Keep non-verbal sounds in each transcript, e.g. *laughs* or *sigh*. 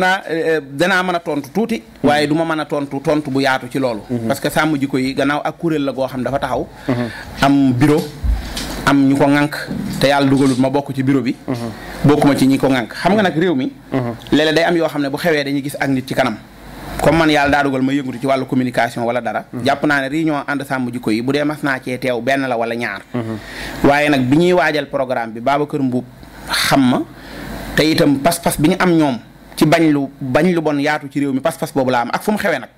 naa eh, eh, danaa a tontu tuuti waaye du ma a tontu tontu bu yaatu ci loolu mhm. parce que sàmm jikko yi gannaaw ak kuréel la goo xam dafa taxaw mhm. am bureau am ñu ko ŋànk te yàlla dugalut ma bokk ci bureau bi mhm. bokkuma ci ñi ko ŋànk xam nga nag réew mi léeg-léeg day am yoo xam ne bu xewee dañuy gis ak nit ci kanam comme man yàlla daa dugal ma yëngatu ci wàllu communication wala dara jàpp naa ne réunion ànd sàmm jikko yi bu dee mas naa cee teew benn la wala ñaar waaye bi ñuy waajal programme bi Babacar Mbuub xam ma te itam bi ñu am ci bañ lu bañ lu bon yaatu ci réew mi pas-pas boobu laa am ak fu mu xewee nag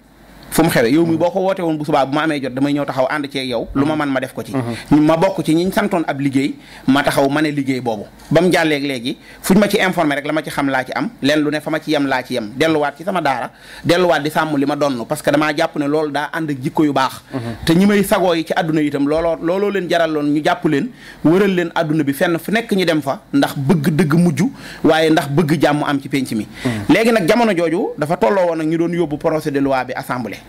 fu mu xewee yow mi boo ko wootee woon bu subaa bu ma amee jot damay ñëw taxaw ànd cee yow lu ma man ma def ko ci mhm. ma bokk ci ñiñ santoon ab liggéey ma taxaw ma ne liggéey boobu ba mu jàlleeg léegi ma ci informé rek la ma ci xam laa ci am leen lu ne fa ma ci yem laa ci yem delluwaat ci sama daara delluwaat di sàmm li ma donn parce que dama jàpp ne loolu daa ànd ak jikko yu baax mhm. te ñi may sagoo yi ci àdduna itam looloo looloo leen jaraloon loon jàpp leen wëral leen àdduna bi fenn fu nekk ñu dem fa ndax bëgg dëgg mujj waaye ndax bëgg jàmm am ci penc mi mhm. léegi nag jamono jooju dafa tolloo ñu doon yóbbu projet de loi bi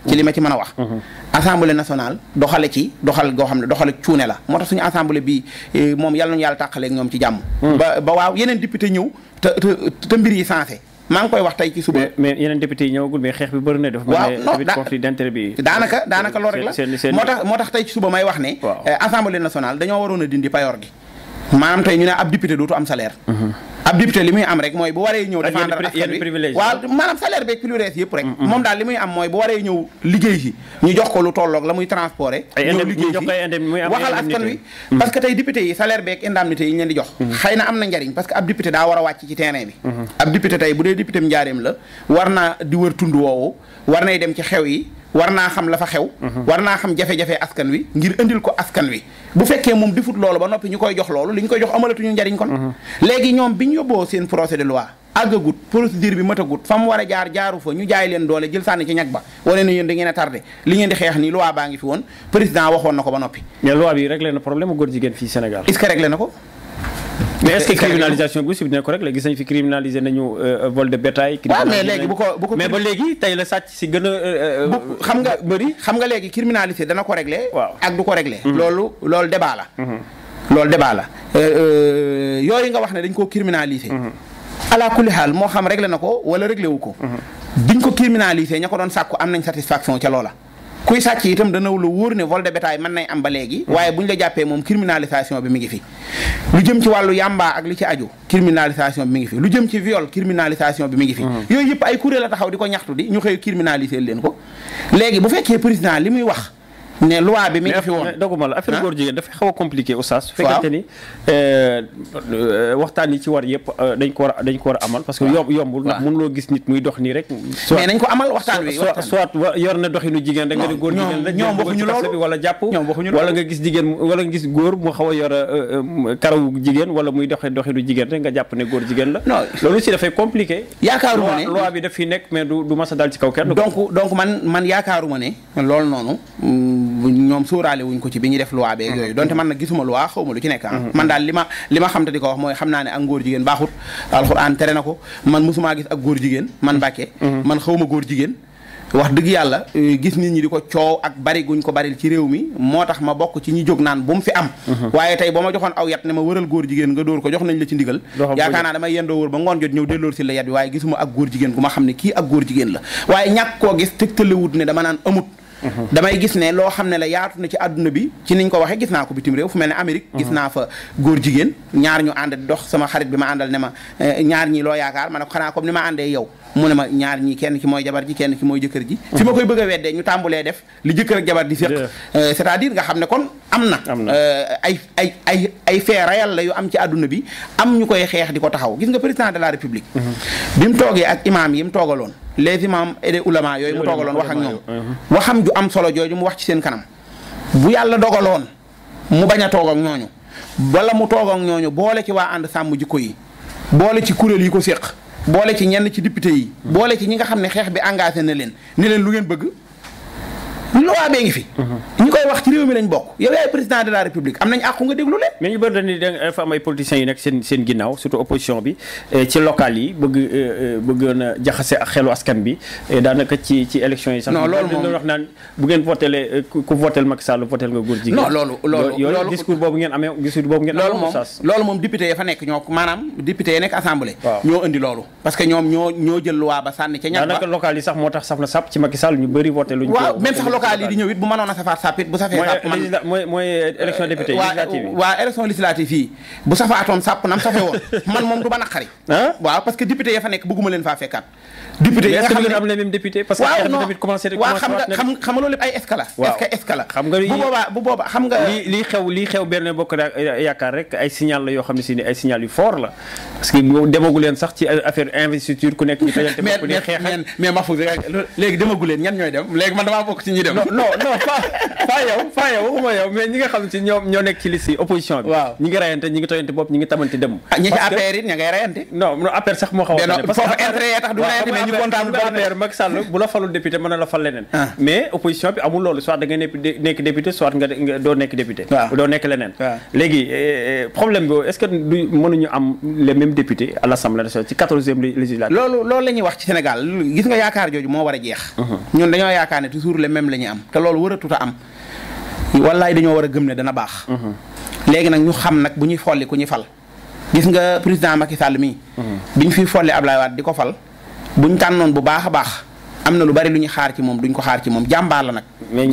ci li ma ci mën a wax mhm. assemblée national doxale ci doxal goo xam ne doxale cuune la moo tax suñu assemblée bi eh, moom yàlla nañu yàlla tàqaleeg ñoom ci jàmm mhm. ba ba waaw yeneen député ñëw te te mbir yi sensé maa ngi koy wax tey ci suba. mais yeneen député yi ñëwagul mais xeex bi bëri na dafa daanaka daanaka loolu rek moo moo tax tey ci suba may wax ne eh, assemblée nationale dañoo waroon a dindi payoor gi maanaam tey ñu ne ab député dootu am salaire mhm. ab député li muy am rek mooy bu waree ñëw défendre askan wi waaw maanaam salaire beeg privilège yëpp rek moom daal li muy am mooy bu waree ñëw liggéey si ñu jox ko lu tolloog la muy transporté ñëw liggéey si waxal askan wi mm-hmm. parce que tey député yi salaire beeg indemnité yi ñu jox mm-hmm. xëy na am na njariñ parce que ab député daa war a wàcc ci terrain bi mm-hmm. ab député tey bu dee député m njaareem la war naa di wër tund woowu war nay dem ci xew yi war naa xam la fa xew war naa xam jafe-jafe askan wi ngir indil ko askan wi bu fekkee moom defut loolu ba noppi ñu koy jox loolu li ñu koy jox amalatuñu njariñ kon léegi ñoom bi ñu yóbboo seen procès de loi àggagut procédure bi matagut fa mu war a jaar jaaru fa ñu jaay leen doole jël sànni ci ñag ba wane na yéen da ngeen a li ngeen di xeex nii loi baa ngi fi woon président waxoon na ko ba noppi mais loi bi réglé na problème góor jigéen ko mais est-ce que criminalisation bi aussi dina ko rek léegi gis nañ fi criminaliser nañu euh, vol de bétail. waaw mais léegi ko bu ko mais ba léegi tey la sàcc si gën a. Euh, euh, xam nga bëri xam nga léegi criminaliser dana ko régler. waaw ak du ko regle mhm. loolu loolu débat la. Mhm. loolu débat la yooyu nga wax ne dañ koo criminaliser. Mhm. ala kulli xaal moo xam réglé na ko wala réglé wu ko. biñ ko criminaliser ña ko doon sàkku am nañ satisfaction ca loola. kuy sàcc itam dana la wóor ne vol de bétail mën nay am ba léegi mm-hmm. waaye bu la jàppee moom criminalisation bi mi ngi fi lu jëm ci wàllu yàmbaa ak li ci aju criminalisation bi mi ngi fi lu jëm ci viol criminalisation bi mi ngi fi mm-hmm. yooyu yëpp ay kuréel la taxaw di ko ñaxtu di ñu xëy criminaliser leen ko léegi bu fekkee président li muy wax ne loi bi mi ngi fi woon doguma la affaire góor jigéen dafa xaw a compliqué oustaz su fekkente ni euh, waxtaan yi ci war yëpp euh, dañ ko war a dañ ko war a amal parce que yomb yombul ndax mun loo gis nit muy dox nii rek mais nañ ko amal waxtaan wi soit yor na doxinu jigéen rek nga ne góor jigéen rek ñoom waxuñu wala jàpp ñoom waxuñu loolu wala nga gis jigéen wala nga gis góor yor euh, jigéen wala muy doxe doxinu jigéen rek nga jàpp ne góor jigéen la loolu si dafay compliqué yaakaaruma ne loi bi daf fi nekk mais du a dal ci kaw man man yaakaaruma ne loolu noonu ñoom sóoraale wuñ ko ci bi ñuy def loi bee mhm. yooyu donte man nag gisuma loi xawma lu ci nekk ah. mhm. man daal li ma li ma xam te di ko wax mooy xam ne ak ngóor jigéen baaxut na ko man mhm. Eh, ko coow ak bari ko baril ci réew mi ma bokk ci ñi jóg naan bu mu fi am waaye tey boo ma joxoon aw yat ne ma wëral góor jigéen nga dóor ko jox nañ la ci ndigal yaakaar naa damay yendoo wër ba ngoon jot ñëw delloo si la yat bi waaye gisuma ak góor jigéen gu ma xam ne kii ak góor jigéen la waaye ñàkk koo gis tëgtalewut ne dama naan amut damay gis ne loo xam ne la yaatu na ci àdduna bi ci niñ ko waxee gis naa ko bitim réew fu mel ne Amérique gis mhm. naa fa góor jigéen ñaar ñu ànd dox sama xarit bi ma àndal ne ma eh, ñaar ñi loo yaakaar ma ne ko xanaa comme ni ma àndee yow mu ne ma ñaar ñi kenn ki mooy jabar ji kenn ki mooy jëkkër ji fi ma koy bëgg a ñu tàmbulee def li jëkkër ak jabar di séq euh, c'est-à-dire nga xam ne kon am na euh, ay ay ay ay fait réel la yu am ci àdduna bi am ñu koy xeex di ko taxaw gis nga président de la république mm-hmm. bi mu toogee ak imaam yi mu toogaloon les imams et les ulama yooyu mu toogaloon wax ak ñoom uh-huh. waxam ju am solo jooju mu wax ci seen kanam bu yàlla dogaloon mu bañ a toog ak ñooñu wala mu toog ak boole ci waa ànd sàmm jikko yi boole ci kuréel yi ko séq boole ci ñenn ci député yi. boole ci ñi nga xam ne xeex bi engagé na leen ne leen lu ngeen bëgg. loi bee ngi fi. koy wax ci réew mi lañ bokk yow yaay président de la république am nañ àqu nga déglu leen. mais ñu bëri dañuy dafa am ay politiciens yu nekk seen ginnaaw surtout opposition bi ci local yi bëgg jaxase xelu askan bi daanaka ci ci élection yi. sax non loolu moom député ya fa nekk ñoo maanaam député ya nekk assemblée. ñoo indi loolu. parce que ñoom ñoo ñoo jël loi ba sànni ca ñax ba daanaka local yi sax moo tax saf na sàpp ci Macky Sall ñu bëri voté luñ. waaw a tamit bu safee sàpp man mooy mooy élection député législative waaw yi bu safaatoon sàpp nam safee woon *laughs* man moom du ma naqari waaw parce que député ya fa nekk bëgguma leen faa fekkaat député yi nga xam ne am les mêmes députés parce que waaw xam nga li xew benn bokk yaakaar rek ay signal la yoo xam ne si ni ay signal yu fort la parce que demagu leen sax ci affaire investiture ku nekk ñu tajante bokk di xeex mais ma fu léegi demagu leen ñan ñooy dem léegi man damaa *laughs* pas yow pas yow waxuma yow mais ñi nga xam ci ñoom ñoo nekk ci liste opposition bi ñi ngi rayante ñi ngi toyante bopp ñi ngi tamante dem ah, ñi ci APR it ña ngay rayante non non APR sax moo xaw a parce que bu la falul député mën na la fal leneen ah. mais opposition bi amul loolu soit da nekk député soit nga doo nekk député doo nekk leneen léegi eh, eh, problème bi est-ce que mënuñu am les mêmes députés à l'Assemblée nationale ci loolu loolu la a jeex uh-huh. ñun dañoo wallaay dañoo war a gëm ne dana baax. Mhm. léegi nag ñu xam nag bu ñu folli ku ñu fal. gis nga président Macky Sall mii. Mhm. biñ fi folli Ablaye Wade di ko fal buñ tànnoon bu baax a baax. am na lu bari lu ñu xaar ci moom duñ ko xaar ci moom jàmbaar la nag. mais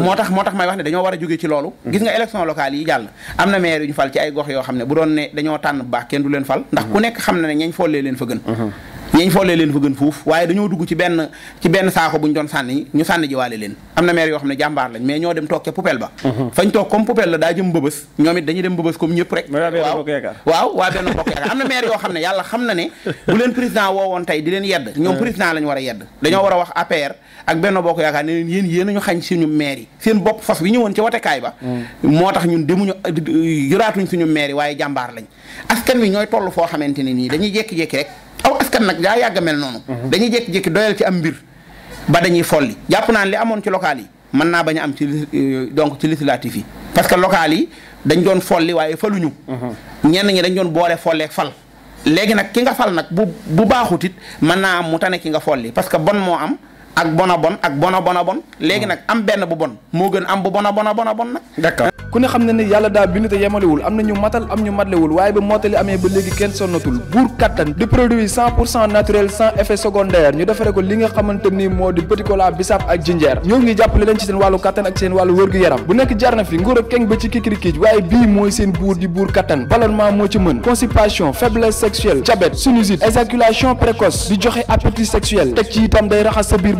moo tax moo tax may wax ne dañoo war a jógee ci loolu. Mhm. gis nga élection locale yi jàll. am na maire yu fal ci ay gox yoo xam ne bu doon ne dañoo tànn bu baax kenn du leen fal. ndax ku nekk xam na ne ñañ follee leen fa gën. ñeñ follee leen fa gën fuuf waaye dañoo dugg ci benn saako bu ñu doon sànni ñu sànni ji waale leen am na maire yoo xam ne jàmbaar lañ mais ñoo dem toog ca poubelle ba mhm. fañ toog comme poubelle la daa jëm bëbës ñoom it dañuy dem bëbës comme ñëpp rek waaw waaw waa benn bokk yaakaar am na maire yoo xam ne yàlla xam na ne bu leen président woowoon tey di leen yedd ñoom président lañ war a yedd dañoo war a wax APR ak benn bokk yaakaar ne leen yéen yéen ñu xañ suñu maire yi seen bopp fas bi ñëwoon ci watekaay ba mm. moo tax ñun demuñu yoraatuñ waaye jàmbaar lañ askan wi ñooy toll foo xamante ne nii dañuy jekki-jekki rek aw askan nag daa yàgg mel noonu. Mhm. dañuy jékki-jékki doyal ci am mbir ba dañuy folli jàpp naa ne li amoon ci local yi mën naa bañ am ci euh, donc ci législatif yi parce que local yi dañ doon folli waaye falu ñu mhm. ñenn ñi dañ doon boole folleek fal. léegi nag ki nga fal nag bu bu baaxut mën naa am mu tane ki nga folli parce que bon moo am. ak bon a bon ak bon a bon a bon léegi hmm. nag am benn bu bon moo gën am bu bon a bon a bon a bon nag d'accord ku ne xam ne ni yàlla daa bind te yemalewul am na ñu matal am ñu matlewul waaye ba mottali amee ba léegi kenn sonnatul buur kattan di produit cent pour cent naturel sans effet secondaire ñu defare ko li nga xamante ni moo di petit bisaab ak jinjeer ñoo ngi jàppale leen ci seen wàllu kattan ak seen wàllu wërgu yaram bu nekk jarna fi nguur keng ba ci kikirikiij